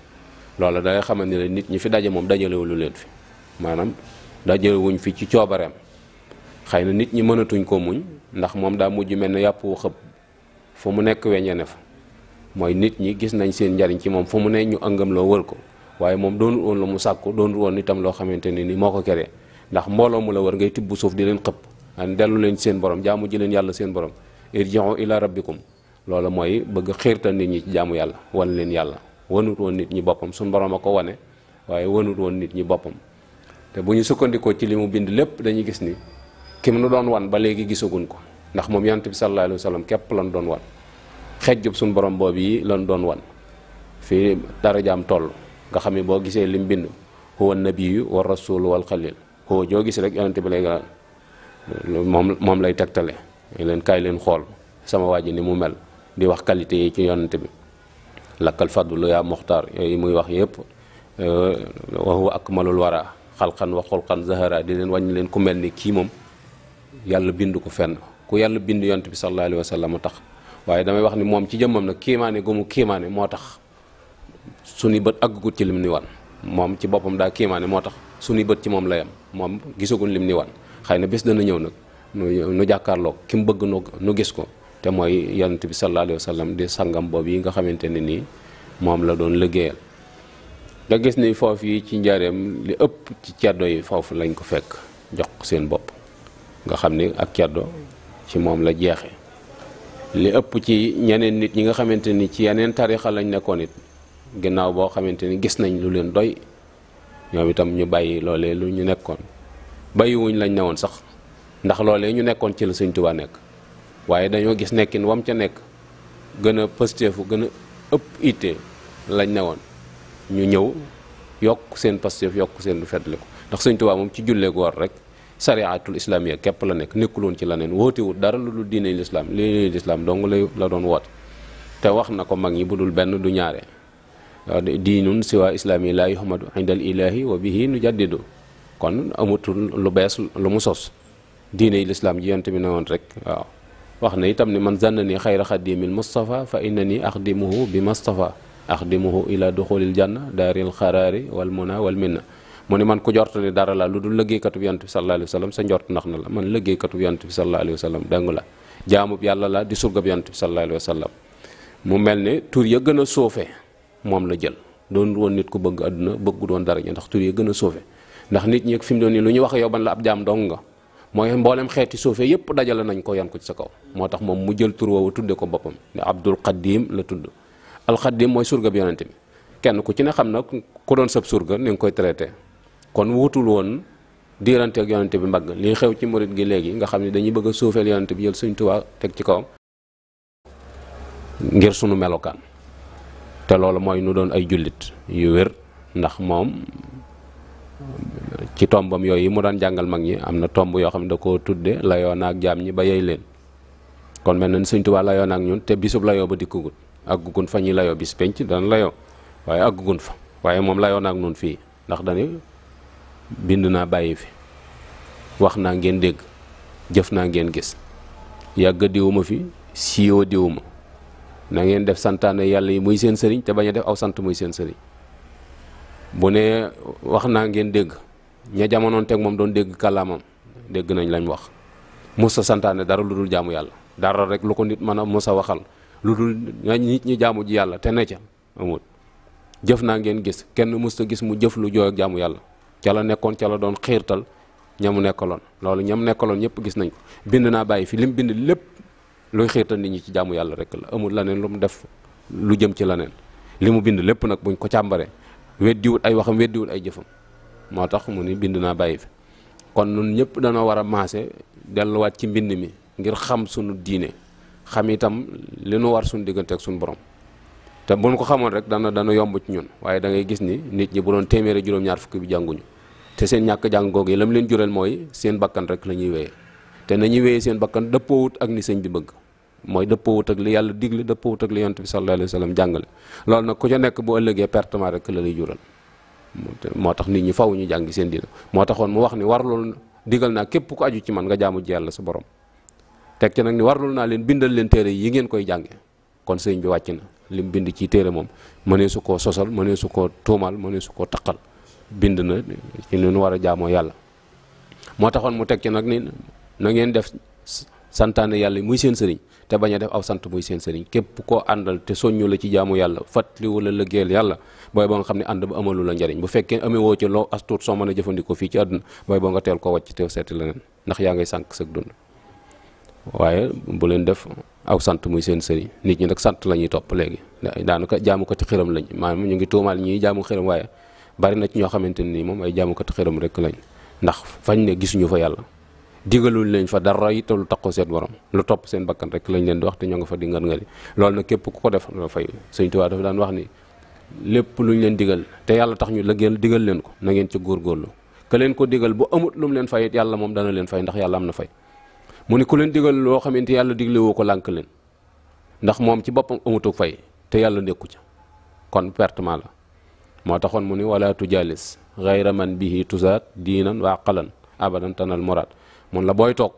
loola dangay xamante ne nit ñi fi daje moom dajalewu lu leen fi maanaam daa jëlewuñ fi ci coobareem xëy na nit ñi mënatuñ ko muñ ndax moom daa mujj mel ne yàpp wu xëpp fu mu nekk weññe ne fa mooy nit ñi gis nañ seen njariñ ci moom fu mu ne ñu ëngam loo wër ko waaye moom doonul woon lu mu sàkku doonul woon itam loo xamante ne ni moo ko kere ndax mbooloo mu la wër ngay tibb suuf di leen xëpp an dellu leen seen borom jaamu ji leen yàlla seen borom irji'u ila rabbikum loolu mooy bëgg xiirtal nit ñi ci jaamu yàlla wan leen yàlla wanut woon nit ñi boppam suñu borom a ko wane waaye wanut woon nit ñi boppam te bu ñu sukkandikoo ci li mu bind lépp dañuy gis ni ki mu doon wan ba léegi gisaguñ ko ndax moom yant bi sallallahu alayhi wa képp lanu doon wan xejjub suñu borom boobu yi lan doon wan fii darajaam toll nga xam ne boo gisee li lim bind huwa nabiyu wa rasul wal xalil huwa joo gis rek yonent bi lay moom moom lay tegtale leen kaay leen xool sama waa ji ni mu mel di wax qualité yi ci yonent bi lakkal fadlu yaa muxtaar yooyu muy wax yëpp wa huwa akmalul wara xalqan wa xulqan zahara di leen wàññi leen ku mel ni kii moom yàlla bind ko fenn ku yàlla bind yont bi sallallahu alayhi wa sallam tax waaye damay wax ni moom ci jëmmam nag kiimaane gu mu kiimaane moo tax suñu bët aggugut ci lim ni wan moom ci boppam daa kiimaane moo tax suñu bët ci moom la yam moom gisaguñ lim ni wan xëy na bés dana ñëw nag nu jàkkaarloo ki mu bëgg nu gis ko te mooy yonent bi sallallahu alayhi wa sallam di sangam boobu yi nga xamante ne nii moom la doon liggéeyal nga gis ni foofu yi ci njareem li ëpp ci caddo yi foofu lañ ko fekk jox seen bopp nga xam ni ak caddo ci moom la jeexe li ëpp ci ñeneen nit ñi nga xamante ni ci yeneen tarixa lañ nekkoon it ginnaaw boo xamante ni gis nañ lu leen doy ñoom itam ñu bàyyi loolee lu ñu nekkoon bàyyiwuñ lañ newoon sax ndax loolee ñu nekkoon ci la Sëñ Tuubaa nekk waaye dañoo gis nekkin wam ca nekk gën a pësteefu gën a ëpp ite lañ newoon ñu ñëw yokk seen pastef yokk seen lu feddle ko ndax sëñ Tuubaa moom ci jullee goor rek sariatul islamiya képp la nekk nekkuloon ci leneen wootewut dara lu dul diine lislaam lii lislaam dong la doon woote te wax na ko mag ñi bu dul benn du ñaare diinun siwaa islaami laa yuhamadu indal ilaahi wa bihi nu jaddidu kon amatul lu bees lu mu sos diine yi lislaam ji yonte bi ne woon rek waaw wax na tam ni man zanna ni xayra xadimil mustafa fa inna ni bi mustafa axdimuhu ila duxulil janna daaril xaraari wal muna wal minna mu ni man ku jort ni dara la lu dul liggéeykatub yonent bi sallallahu alayhi sa njort nax na la man liggéeykatub yonent bi sallallahu alayhi wa sallam dangu la jaamub yàlla la di surgab yonent bi sallallahu alayhi wa sallam mu mel ne tur ya gën a suufe moom la jël doon woon nit ku bëgg àdduna bëgg doon dara ndax tur ya gën a suufe ndax nit ñi fi mu doon nii lu ñu wax yow ban la ab jaam dong nga mooy mboolem xeeti suufe yépp dajale nañ ko yan ci sa kaw moo tax moom mu jël tur woowu tudde ko boppam ne Abdul Qadim la tudd alxaddim mooy surga bi yonente bi kenn ku ci ne xam na ku doon sab surga ni nga koy traité kon wutul woon diirante ak bi mbagg li xew ci murit gi léegi nga xam ne dañuy bëgg a suufeel yonente bi jël suñ tubaa teg ci kawam ngir sunu melokaan te loolu mooy nu doon ay jullit yu wér ndax moom ci tombam yooyu mu daan jàngal mag ñi am na tomb yoo xam ne da koo tudde layoo na ak jaam ñi ba yey leen kon mel na ni Sëñ Tuubaa layoo ak ñun te bisub layoo ba dikkugut àggugun fa ñu layoo bis penc dana layoo waaye àggugun fa waaye moom layoo naag noonu fii ndax dañu bind naa bàyyi fi wax naa ngeen dégg jëf naa ngeen gis yàgg diwuma fi siiwa diwuma na ngeen def santaane yàlla yi muy seen sëriñ te bañ a def aw sant muy seen sëriñ bu ne wax naa ngeen dégg ña jamonoon teg moom doon dégg kàllaamam dégg nañ lañ wax musa santaane dara lu dul jaamu yàlla dara rek lu ko nit mën a a waxal lu dul nit ñi jaamu ji yàlla te ne ca amut jëf naa ngeen gis kenn mësta gis mu jëf lu jooy ak jaamu yàlla ca la nekkoon ca la doon xiirtal ñamu nekkaloon loolu ñam nekkaloon ñëpp gis nañ ko bind naa bàyyi fi lim bind lépp luy xiirtal nit ñi ci jaamu yàlla rek la amul laneen lu mu def lu jëm ci laneen li mu bind lépp nag buñ ko càmbaree weddiwut ay waxam weddiwut ay jëfam moo tax mu ni bind naa bàyyi fi kon nun ñëpp danoo war a maase delluwaat ci mbind mi ngir xam sunu diine xam itam li nu war suñu diggante ak suñu borom te buñ ko xamoon rek dana dana yomb ci ñun waaye da ngay gis ni nit ñi bu doon téeméere juróom-ñaar fukki bi jànguñu te seen ñàkk jàng googu yi leen jural mooy seen bakkan la ñuy wéyee te nañuy wéyee seen bakkan dëppoowut ak ni sëñ bëgg mooy dëppoowut ak li yàlla digle dëppoowut ak li yonent bi sallallahu alayhi wa sallam jàngale loolu nag ku ca nekk bu ëllëgee pertement rek la lay jural moo tax nit ñi faw ñu jàngi seen diina moo taxoon mu wax ni war loolu digal naa képp ku aju ci man nga jaamu ji yàlla sa borom tek ci nak ni warul na len bindal len téere yi ngeen koy jànge kon sëñ bi wacc na lim bind ci téere mom mané su ko sosal mané su ko tomal mané su ko takal bind na ci nu wara a yalla mo taxon mu tek ci nak ni na ngeen def santane yalla muy seen sëriñ te baña def aw sant muy seen sëriñ kep ko andal te soñu la ci jaamu yalla fatli wala lëggeel yalla boy bo nga xamni and ba amalu la ndariñ bu fekke amé wo ci lo astut so soo mën a ci aduna boy bo nga teel ko wacc te setti lenen ndax ya ngay sank dund waaye bu leen def aw sant muy seen sëriñ nit ñi nag sant la ñuy topp léegi daanaka jaamukati xiram lañ maanaam ñu ngi tuumaal ñii jaamu xiram waaye bari na ci ñoo xamante ne nii moom ay jaamukati xiram rekk lañ ndax fañ ne gisuñu fa yàlla digalul lañ fa dara itam lu ko seen borom lu topp seen bakkan rek lañ leen di wax te ñoo nga fa di ngar ngari loolu na képp ku ko def la fay sëñ Tuubaa dafa daan wax ni lépp lu ñu leen digal te yàlla tax ñu la ngeen digal leen ko na ngeen ci góorgóorlu ka digal bu amut lu leen fay yàlla moom dana leen fay ndax yàlla am na fay mu ne ku len digal lo xamanteni yalla digle woko lank len ndax mom ci fay te yalla neeku ci kon pertement la mo taxone mu wala wala tujalis ghayra man bihi tuzat, diinan wa aqlan abadan tanal murat, mun la boy tok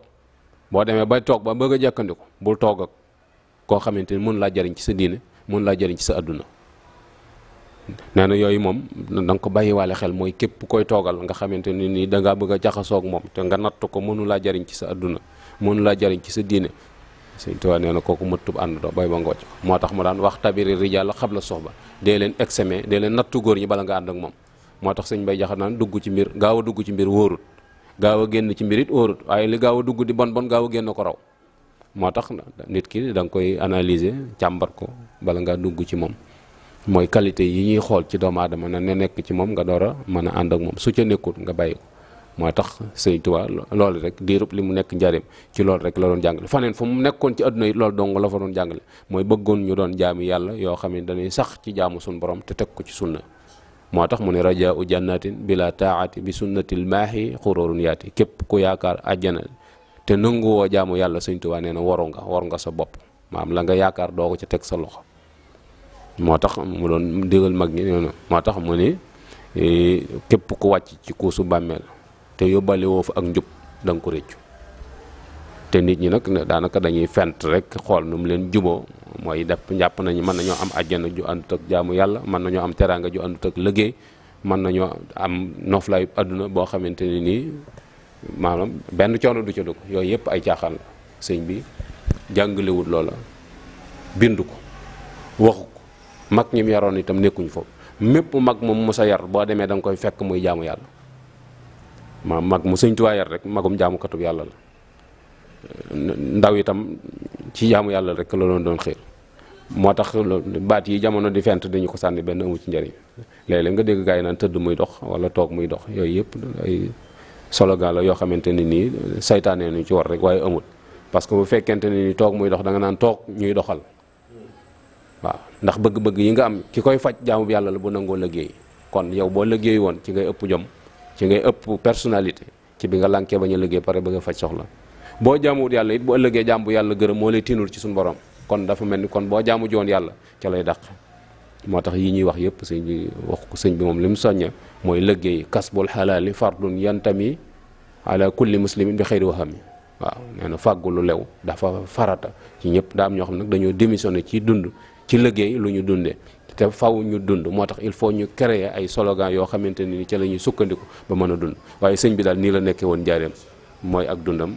bo deme bay tok ba beug a bul tok ak ko xamanteni mun la jariñ ci sa diine mun la jariñ ci sa aduna nana yoy mom dang ko baye walé xel moy képp koy togal nga xamanteni ni da nga bëgg jaxaso ak mom te nga natt ko mënu la jariñ ci sa aduna mun la jariñ ci sa diine seigne touba neena koku mu ma tub ànd bay ba ngooc motax tax mu daan wax tabiri rijal xab sohba de len leen dugu len leen nattu góor ñi bala nga and ak mom motax seigne bay jaxat naan dugg ci mbir gaaw dugg ci mbir worut gaaw genn ci mbirit worut wóorut li gaaw dugg di bon bon gaaw genn ko raw motax nit ki dang koy analyser chambar ko bala nga dugg ci mom moy qualité yi ñi xol ci doom adam na ne nek ci mom nga dora and ak mom su ca nekkut nga bayiko moo tax sëñ tuba lolou rek di rub limu nek njariñ ci lolou rek la doon jangale fanen fu mu nekkon ci aduna yi loolu dong la fa doon jangale moy beggon ñu doon jaami yalla yo xamni dañuy sax ci jaamu sun borom te tek ko ci sunna motax tax mu ne rajaau jannatin bila taati bi sunnatil mahi xurórun yati kep ku yaakar aljana te wo jaamu yalla tuba neena nga nga sa bop maam la nga yaakar doo ko ca sa loxo motax mu doon digal mag ñi na mu ni eh, kep ku wacc ci kusu bammel te yobale wo fa ak njub dang ko reccu te nit ñi nag daanaka dañuy fent rek xol num leen jubo moy def nañ man nañu am aljana ju and tok jaamu yalla man nañu am teranga ju and tok liggey man nañu am noflay aduna bo xamanteni ni manam maanaam benn coono du ci dug yoy yep ay jaxal la bi jangale wut lola bindu ko waxu ko mak ñim mu yaroon itam nekkuñ foofu mepp mak mom musa yar bo deme dang koy fekk muy jaamu yalla ma mag mu sëñ Tuubaa yar rek magum jaamukatub yàlla la ndaw itam ci jaamu yàlla rek la doon doon moo tax baat yi jamono di fent dañu ko sànni benn amu ci njariñ léeg-léeg nga dégg gaa yi naan tëdd muy dox wala toog muy dox yooyu yëpp ay slogan yoo xamante ne nii saytaane nañu ci war rek waaye amut parce que bu fekkente ne ni toog muy dox da nga naan toog ñuy doxal waaw ndax bëgg-bëgg yi nga am ki koy faj jaamu yàlla la bu nangoo liggéey kon yow boo liggéey woon ci ngay ëpp jom ci ngay ëpp personnalité ci bi nga lànkee bañ a liggéey pare ba nga faj soxla boo jaamuwut yàlla it bu ëllëgee jaam bu yàlla gërëm moo lay tiinul ci suñu borom kon dafa mel ni kon boo jaamu yàlla ca lay dàq moo tax yi ñuy wax yëpp sëñ bi wax ko sëñ bi moom li mu soñña mooy liggéey kasbul xalaali fardun yantami ala kulli muslimin bi xëyri waxam waaw nee na fàggu lu lew dafa farata ci ñëpp daam am ñoo xam nag dañoo démissionné ci dund ci liggéey lu ñu dundee te faw ñu dund moo tax il faut ñu créer ay slogan yoo xamante ni ca la ñuy sukkandiku ba mën a dund waaye sëñ bi daal nii la nekkee woon njaareem mooy ak dundam